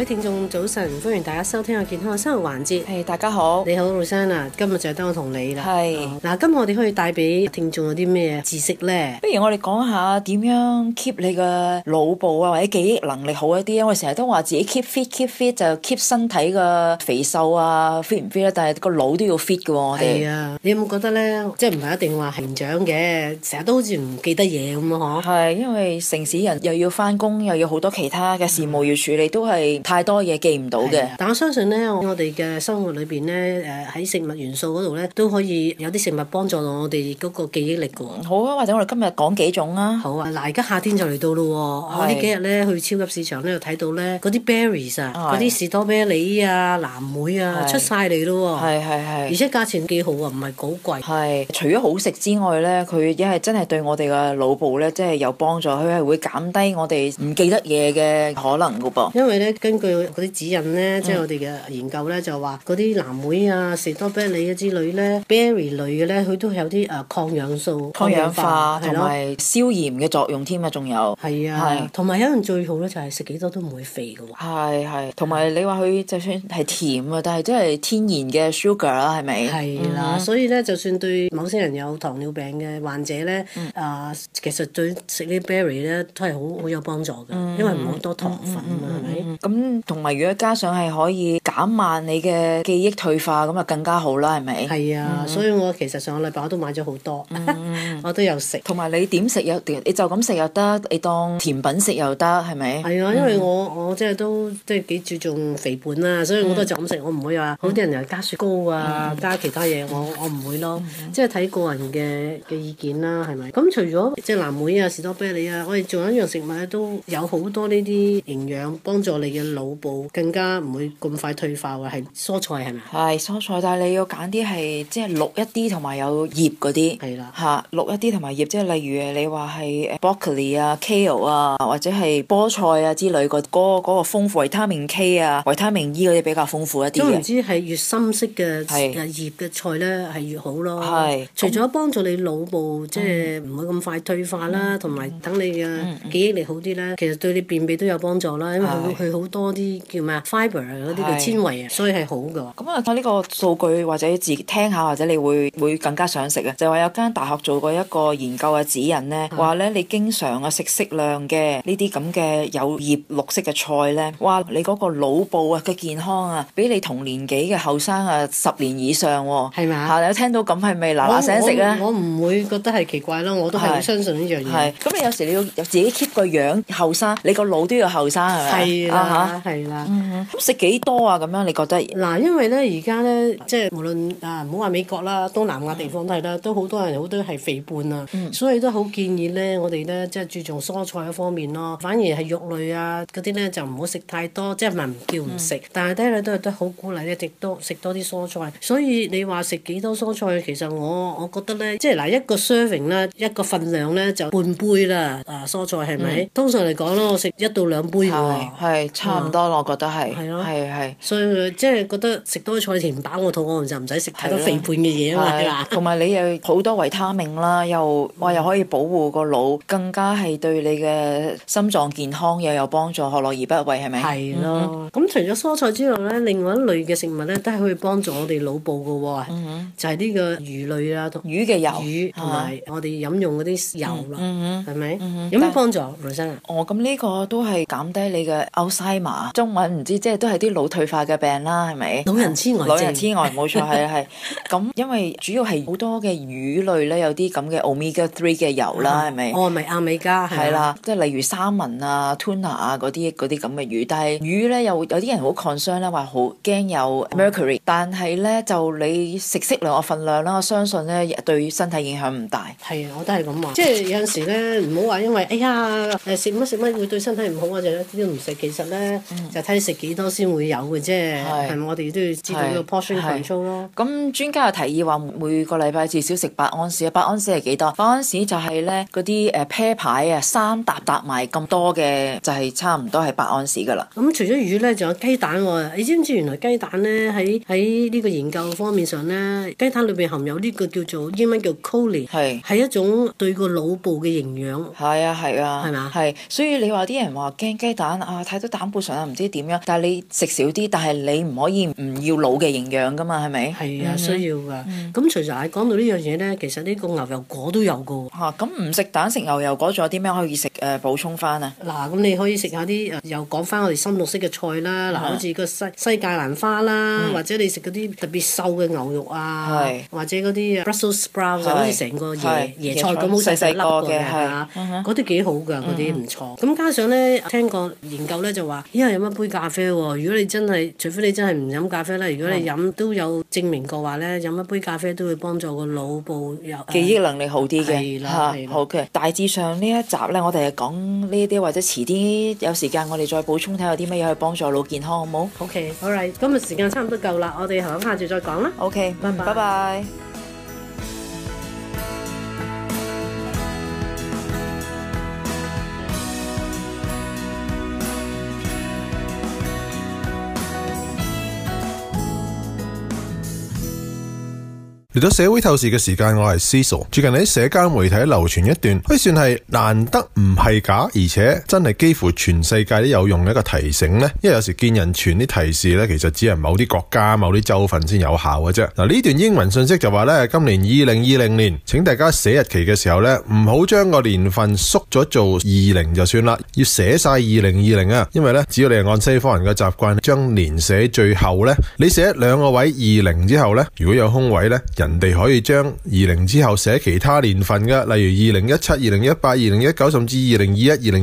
各位聽眾，早晨！歡迎大家收聽我的健康嘅生活環節。係，hey, 大家好。你好，Rosanna 啊，今日就得我同你啦。係。嗱，今日我哋可以帶俾聽眾有啲咩知識咧？不如我哋講下點樣 keep 你嘅腦部啊，或者記憶能力好一啲啊？我哋成日都話自己 keep fit，keep fit 就 keep 身體嘅肥瘦啊，fit 唔 fit 咧？但係個腦都要 fit 㗎喎、啊。係啊，你有冇覺得咧？即係唔係一定話成長嘅，成日都好似唔記得嘢咁啊？吓。係，因為城市人又要翻工，又要好多其他嘅事務要處理，嗯、都係。太多嘢記唔到嘅，但我相信咧，我哋嘅生活裏邊咧，誒、呃、喺食物元素嗰度咧，都可以有啲食物幫助到我哋嗰個記憶力嘅。好啊，或者我哋今日講幾種啊？好啊，嗱，而家夏天就嚟到咯喎、哦，的啊、幾天呢幾日咧去超級市場咧又睇到咧嗰啲 berries 啊，嗰啲的士多啤梨啊、藍莓啊的出晒嚟咯喎，係係係，而且價錢幾好啊，唔係好貴。係，除咗好食之外咧，佢亦係真係對我哋嘅腦部咧，真係有幫助，佢係會減低我哋唔記得嘢嘅可能㗎噃。因為咧，跟佢嗰啲指引咧，即係我哋嘅研究咧，就話嗰啲藍莓啊、士多啤梨之類咧、berry 類嘅咧，佢都有啲誒抗氧素、抗氧化同埋消炎嘅作用添啊，仲有係啊，同埋一樣最好咧，就係食幾多都唔會肥㗎喎。係係，同埋你話佢就算係甜啊，但係都係天然嘅 sugar 啦，係咪？係啦，所以咧，就算對某些人有糖尿病嘅患者咧，啊，其實對食啲 berry 咧都係好好有幫助嘅，因為唔好多糖分啊，嘛，係咪？咁同埋，還有如果加上係可以減慢你嘅記憶退化，咁啊更加好啦，係咪？係啊，嗯、所以我其實上個禮拜我都買咗好多，嗯、 我都有食。同埋你點食又？你就咁食又得，你當甜品食又得，係咪？係啊，因為我、嗯、我真即係都即係幾注重肥胖啊，所以我都就咁食，我唔會話好啲人又加雪糕啊，嗯、加其他嘢、嗯，我我唔會咯。嗯、即係睇個人嘅嘅意見啦、啊，係咪？咁除咗即係藍莓啊、士多啤梨啊，我哋仲有一樣食物、啊、都有好多呢啲營養幫助你嘅腦部更加唔會咁快退化喎，係蔬菜係咪啊？係蔬菜，但係你要揀啲係即係綠一啲同埋有葉嗰啲係啦吓綠一啲同埋葉，即係例如你話係 broccoli 啊、kale 啊，或者係菠菜啊之類的、那個，嗰、那、嗰個豐富維他命 K 啊、維他命 E 嗰啲比較豐富一啲嘅。都唔知係越深色嘅葉嘅菜咧，係是越好咯。係是除咗幫助你腦部即係唔會咁快退化啦，同埋等你嘅記憶力好啲啦，嗯嗯、其實對你便秘都有幫助啦，因為佢好是多。多啲叫咩 fiber 啊，嗰啲叫纖維啊，所以係好噶。咁啊，睇呢個數據或者自己聽下，或者你會會更加想食啊？就話有間大學做過一個研究嘅指引咧，話咧是你經常啊食適量嘅呢啲咁嘅有葉綠色嘅菜咧，哇！你嗰個腦部啊嘅健康啊，比你同年紀嘅後生啊十年以上喎，係咪啊？你嗎聽到咁係咪嗱嗱聲食啊？我唔會覺得係奇怪咯，我都係相信呢樣嘢。係咁，你有時你要自己 keep 個樣後生，你個腦都要後生係咪啊？的啊，係啦，咁食幾多啊？咁樣你覺得嗱、啊？因為咧，而家咧，即係無論啊，唔好話美國啦，東南亞地方嗯嗯都係啦，都好多人好多係肥胖啊，嗯、所以都好建議咧，我哋咧即係注重蔬菜嗰方面咯。反而係肉類啊嗰啲咧就唔好食太多，即係咪唔叫唔食。嗯、但係咧，都係都好鼓勵咧，食多食多啲蔬菜。所以你話食幾多蔬菜？其實我我覺得咧，即係嗱一個 serving 啦，一個份量咧就半杯啦。啊，蔬菜係咪？嗯、通常嚟講咧，我食一到兩杯喎。咁多，我覺得係，係係，所以即係覺得食多菜填唔飽我肚，我就唔使食太多肥胖嘅嘢啊嘛。係啊，同埋你又好多維他命啦，又哇，又可以保護個腦，更加係對你嘅心臟健康又有幫助，何樂而不為係咪？係咯。咁除咗蔬菜之外咧，另外一類嘅食物咧，都係可以幫助我哋腦部嘅喎，就係呢個魚類啦，同魚嘅油、魚同埋我哋飲用嗰啲油啦，係咪？有咩幫助，羅生？哦，咁呢個都係減低你嘅中文唔知，即係都係啲老退化嘅病啦，係咪？老人痴呆，老人痴呆，冇錯，係係。咁因為主要係好多嘅魚類咧，有啲咁嘅 omega three 嘅油啦，係咪？哦，咪阿美加係啦，即係例如三文啊、tuna 啊嗰啲嗰啲咁嘅魚，但係魚咧有有啲人好 concern 咧，話好驚有 mercury，但係咧就你食適量嘅份量啦，我相信咧對身體影響唔大。係，我都係咁話，即係有陣時咧唔好話因為哎呀誒食乜食乜會對身體唔好嗰陣咧，呢啲都唔食，其實咧。嗯、就睇你食幾多先會有嘅啫，係咪是？是是我哋都要知道呢個 portion 範疇咯。咁專家又提議話，每個禮拜至少食八安士。八安士係幾多？八安士就係咧嗰啲啤牌啊，三沓沓埋咁多嘅，就係、是、差唔多係八安士噶啦。咁除咗魚咧，仲有雞蛋喎，哦。你知唔知道原來雞蛋咧喺喺呢個研究方面上咧，雞蛋裏邊含有呢個叫做英文叫 choline，係係是一種對個腦部嘅營養。係啊，係啊，係咪啊？係，所以你話啲人話驚雞蛋啊，太多膽固唔知點樣，但係你食少啲，但係你唔可以唔要老嘅營養㗎嘛，係咪？係啊，需要㗎。咁除咗你講到呢樣嘢咧，其實呢個牛油果都有㗎。嚇！咁唔食蛋食牛油果，仲有啲咩可以食誒補充翻啊？嗱，咁你可以食下啲又講翻我哋深綠色嘅菜啦，嗱，好似個西西芥蘭花啦，或者你食嗰啲特別瘦嘅牛肉啊，或者嗰啲 Brussels sprouts，好似成個椰菜咁，好似細細粒嘅嚇，嗰啲幾好㗎，嗰啲唔錯。咁加上咧，聽個研究咧就話。因為飲一杯咖啡喎，如果你真係，除非你真係唔飲咖啡咧，如果你飲都有證明過話呢，飲一杯咖啡都會幫助個腦部有記憶能力好啲嘅。係好嘅，的 okay. 大致上呢一集呢，我哋係講呢啲，或者遲啲有時間我哋再補充睇下啲乜嘢，去幫助腦健康好冇？OK，好啦，今日時間差唔多夠啦，我哋下次再講啦。OK，拜拜。嚟到社會透視嘅時間，我係思傻。最近喺社交媒體流傳一段，可以算係難得唔係假，而且真係幾乎全世界都有用嘅一個提醒呢，因為有時見人傳啲提示呢，其實只係某啲國家、某啲州份先有效嘅啫。嗱，呢段英文信息就話呢，今年二零二零年，請大家寫日期嘅時候呢，唔好將個年份縮咗做二零就算啦，要寫晒二零二零啊。因為呢，只要你係按西方人嘅習慣，將年寫最後呢，你寫兩個位二零之後呢，如果有空位呢，人哋可以將二零之後寫其他年份㗎，例如二零一七、二零一八、二零一九，甚至二零二一、二零二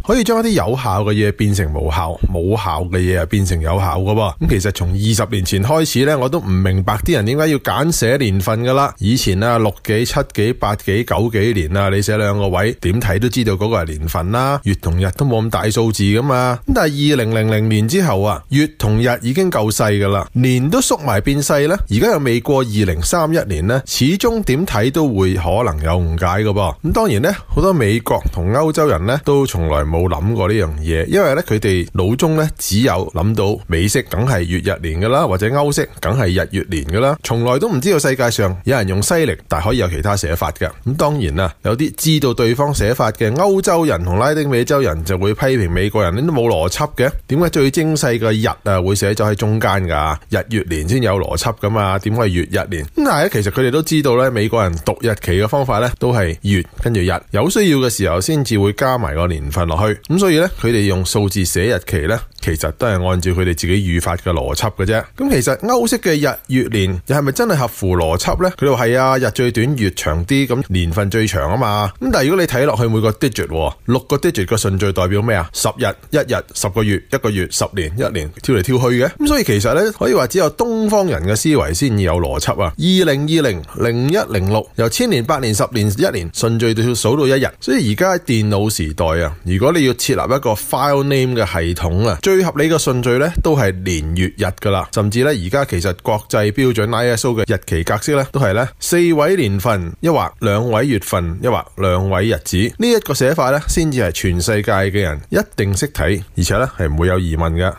二，可以將一啲有效嘅嘢變成無效，冇效嘅嘢啊變成有效㗎喎。咁其實從二十年前開始呢，我都唔明白啲人點解要揀寫年份噶啦。以前啊，六幾、七幾、八幾、九幾年啊，你寫兩個位，點睇都知道嗰個係年份啦。月同日都冇咁大數字㗎嘛。咁但係二零零零年之後啊，月同日已經夠細㗎啦，年都縮埋變細啦。而家又未過二零三，三一年呢，始終點睇都會可能有誤解噶噃。咁當然呢，好多美國同歐洲人呢，都從來冇諗過呢樣嘢，因為呢，佢哋腦中呢，只有諗到美式梗係月日年噶啦，或者歐式梗係日月年噶啦，從來都唔知道世界上有人用西曆，但可以有其他寫法嘅。咁當然啦，有啲知道對方寫法嘅歐洲人同拉丁美洲人就會批評美國人，你都冇邏輯嘅。點解最精細嘅日啊會寫咗喺中間噶？日月年先有邏輯噶嘛？點解月日年？但係，其實佢哋都知道咧，美國人讀日期嘅方法咧，都係月跟住日，有需要嘅時候先至會加埋個年份落去。咁所以咧，佢哋用數字寫日期咧。其實都係按照佢哋自己語法嘅邏輯嘅啫。咁其實歐式嘅日、月、年又係咪真係合乎邏輯呢？佢話係啊，日最短，月長啲，咁年份最長啊嘛。咁但係如果你睇落去每個 digit，六個 digit 嘅順序代表咩啊？十日、一日、十個月、一個月、十年、一年，跳嚟跳去嘅。咁所以其實呢，可以話只有東方人嘅思維先至有邏輯啊。二零二零零一零六由千年、百年、十年、一年順序到數到一日。所以而家喺電腦時代啊，如果你要設立一個 file name 嘅系統啊，最合理嘅順序咧，都係年月日噶啦，甚至咧而家其實國際標準 ISO 嘅日期格式咧，都係咧四位年份，一或兩位月份，一或兩位日子，呢一個寫法咧，先至係全世界嘅人一定識睇，而且咧係唔會有疑問嘅。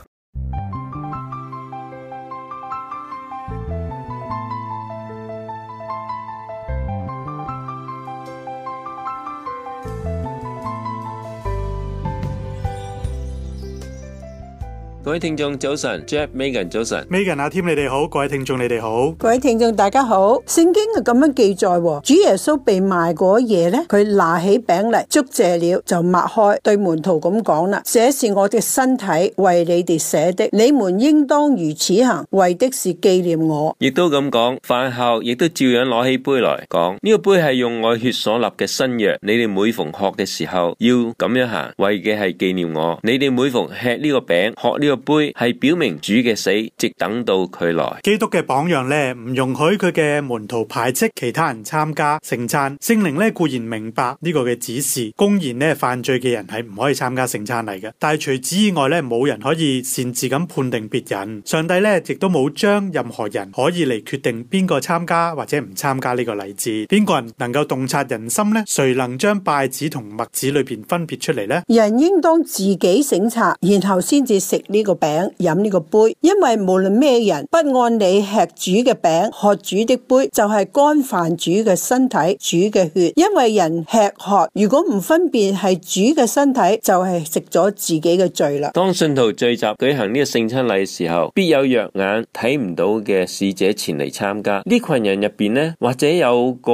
各位聽眾早晨，Jeff Megan 早晨，Megan 阿 Tim 你哋好，各位聽眾你哋好，各位聽眾大家好。聖經係咁樣記載，主耶穌被賣嗰夜咧，佢拿起餅嚟，祝謝了就擘開，對門徒咁講啦：這是我嘅身體，為你哋捨的，你們應當如此行，為的是紀念我。亦都咁講，飯後亦都照樣攞起杯來講，呢個杯係用我血所立嘅新約，你哋每逢喝嘅時候要咁樣行，為嘅係紀念我。你哋每逢吃呢個餅，喝呢個杯係表明主嘅死，直等到佢來。基督嘅榜樣咧，唔容許佢嘅門徒排斥其他人參加聖餐。聖靈咧固然明白呢個嘅指示，公然咧犯罪嘅人係唔可以參加聖餐嚟嘅。但係除此以外咧，冇人可以擅自咁判定別人。上帝咧亦都冇將任何人可以嚟決定邊個參加或者唔參加呢個例子。邊個人能夠洞察人心咧？誰能將拜子同麥子裏邊分別出嚟咧？人應當自己省察，然後先至食呢。個餅飲呢個杯，因為無論咩人，不按理吃煮嘅餅、喝煮的杯，就係干飯煮嘅身體、煮嘅血。因為人吃喝，如果唔分辨係煮嘅身體，就係食咗自己嘅罪啦。當信徒聚集舉行呢個聖餐禮時候，必有肉眼睇唔到嘅使者前嚟參加。呢群人入邊呢，或者有個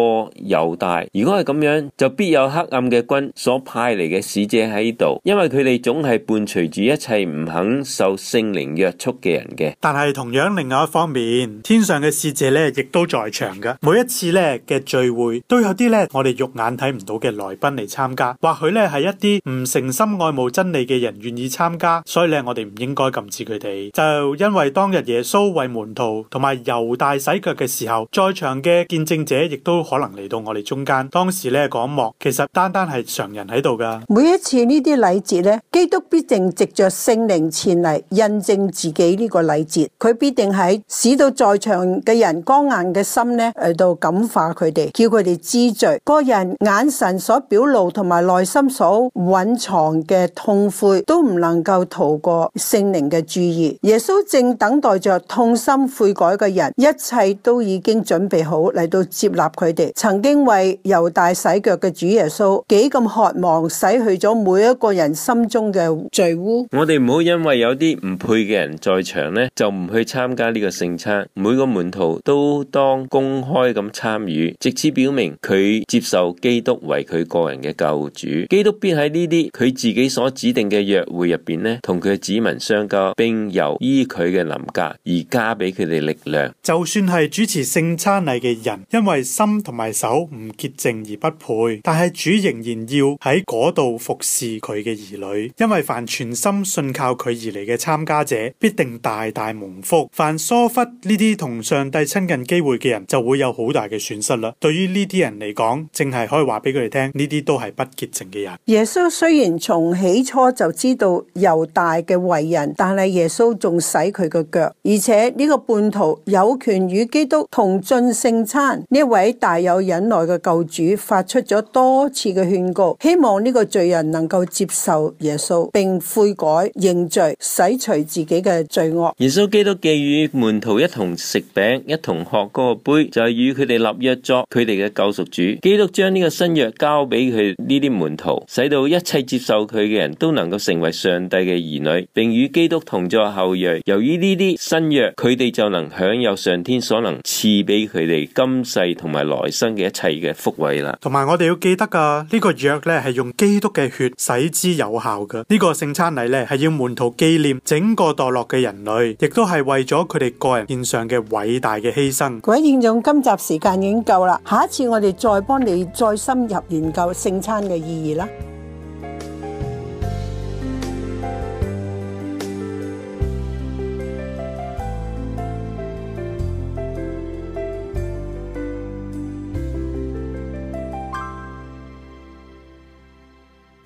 猶大。如果係咁樣，就必有黑暗嘅軍所派嚟嘅使者喺度，因為佢哋總係伴隨住一切唔肯。受聖靈約束嘅人嘅，但係同樣另外一方面，天上嘅使者咧亦都在場噶。每一次咧嘅聚會，都有啲咧我哋肉眼睇唔到嘅來賓嚟參加。或許咧係一啲唔誠心愛慕真理嘅人願意參加，所以咧我哋唔應該禁止佢哋。就因為當日耶穌為門徒同埋猶大洗腳嘅時候，在場嘅見證者亦都可能嚟到我哋中間。當時咧講望，其實單單係常人喺度噶。每一次禮節，呢啲禮節咧，基督必定藉着聖靈前嚟。印證自己呢個禮節，佢必定喺使到在場嘅人剛硬嘅心呢，嚟到感化佢哋，叫佢哋知罪。個人眼神所表露同埋內心所蘊藏嘅痛悔，都唔能夠逃過聖靈嘅注意。耶穌正等待着痛心悔改嘅人，一切都已經準備好嚟到接納佢哋。曾經為猶大洗腳嘅主耶穌，幾咁渴望洗去咗每一個人心中嘅罪污。我哋唔好因為有。啲唔配嘅人在場呢，就唔去參加呢個聖餐。每個門徒都當公開咁參與，借此表明佢接受基督為佢個人嘅救主。基督必喺呢啲佢自己所指定嘅約會入邊呢，同佢嘅子民相交，並由依佢嘅臨格而加俾佢哋力量。就算係主持聖餐禮嘅人，因為心同埋手唔潔淨而不配，但係主仍然要喺嗰度服侍佢嘅兒女，因為凡全心信靠佢而嚟嘅參加者必定大大蒙福。犯疏忽呢啲同上帝親近機會嘅人，就會有好大嘅損失啦。對於呢啲人嚟講，淨係可以話俾佢哋聽，呢啲都係不潔淨嘅人。耶穌雖然從起初就知道猶大嘅為人，但係耶穌仲洗佢嘅腳。而且呢個叛徒有權與基督同進聖餐。呢位大有忍耐嘅救主，發出咗多次嘅勸告，希望呢個罪人能夠接受耶穌，並悔改認罪。洗除自己嘅罪惡。耶穌基督寄與門徒一同食餅，一同喝嗰個杯，就係與佢哋立約作佢哋嘅救贖主。基督將呢個新約交俾佢呢啲門徒，使到一切接受佢嘅人都能夠成為上帝嘅兒女，並與基督同作後裔。由於呢啲新約，佢哋就能享有上天所能賜俾佢哋今世同埋來生嘅一切嘅福惠啦。同埋我哋要記得噶，呢個約咧係用基督嘅血使之有效嘅。呢個聖餐禮咧係要門徒記。整個墮落嘅人類，亦都係為咗佢哋個人獻上嘅偉大嘅犧牲。各位院長，今集時間已經夠啦，下一次我哋再幫你再深入研究聖餐嘅意義啦。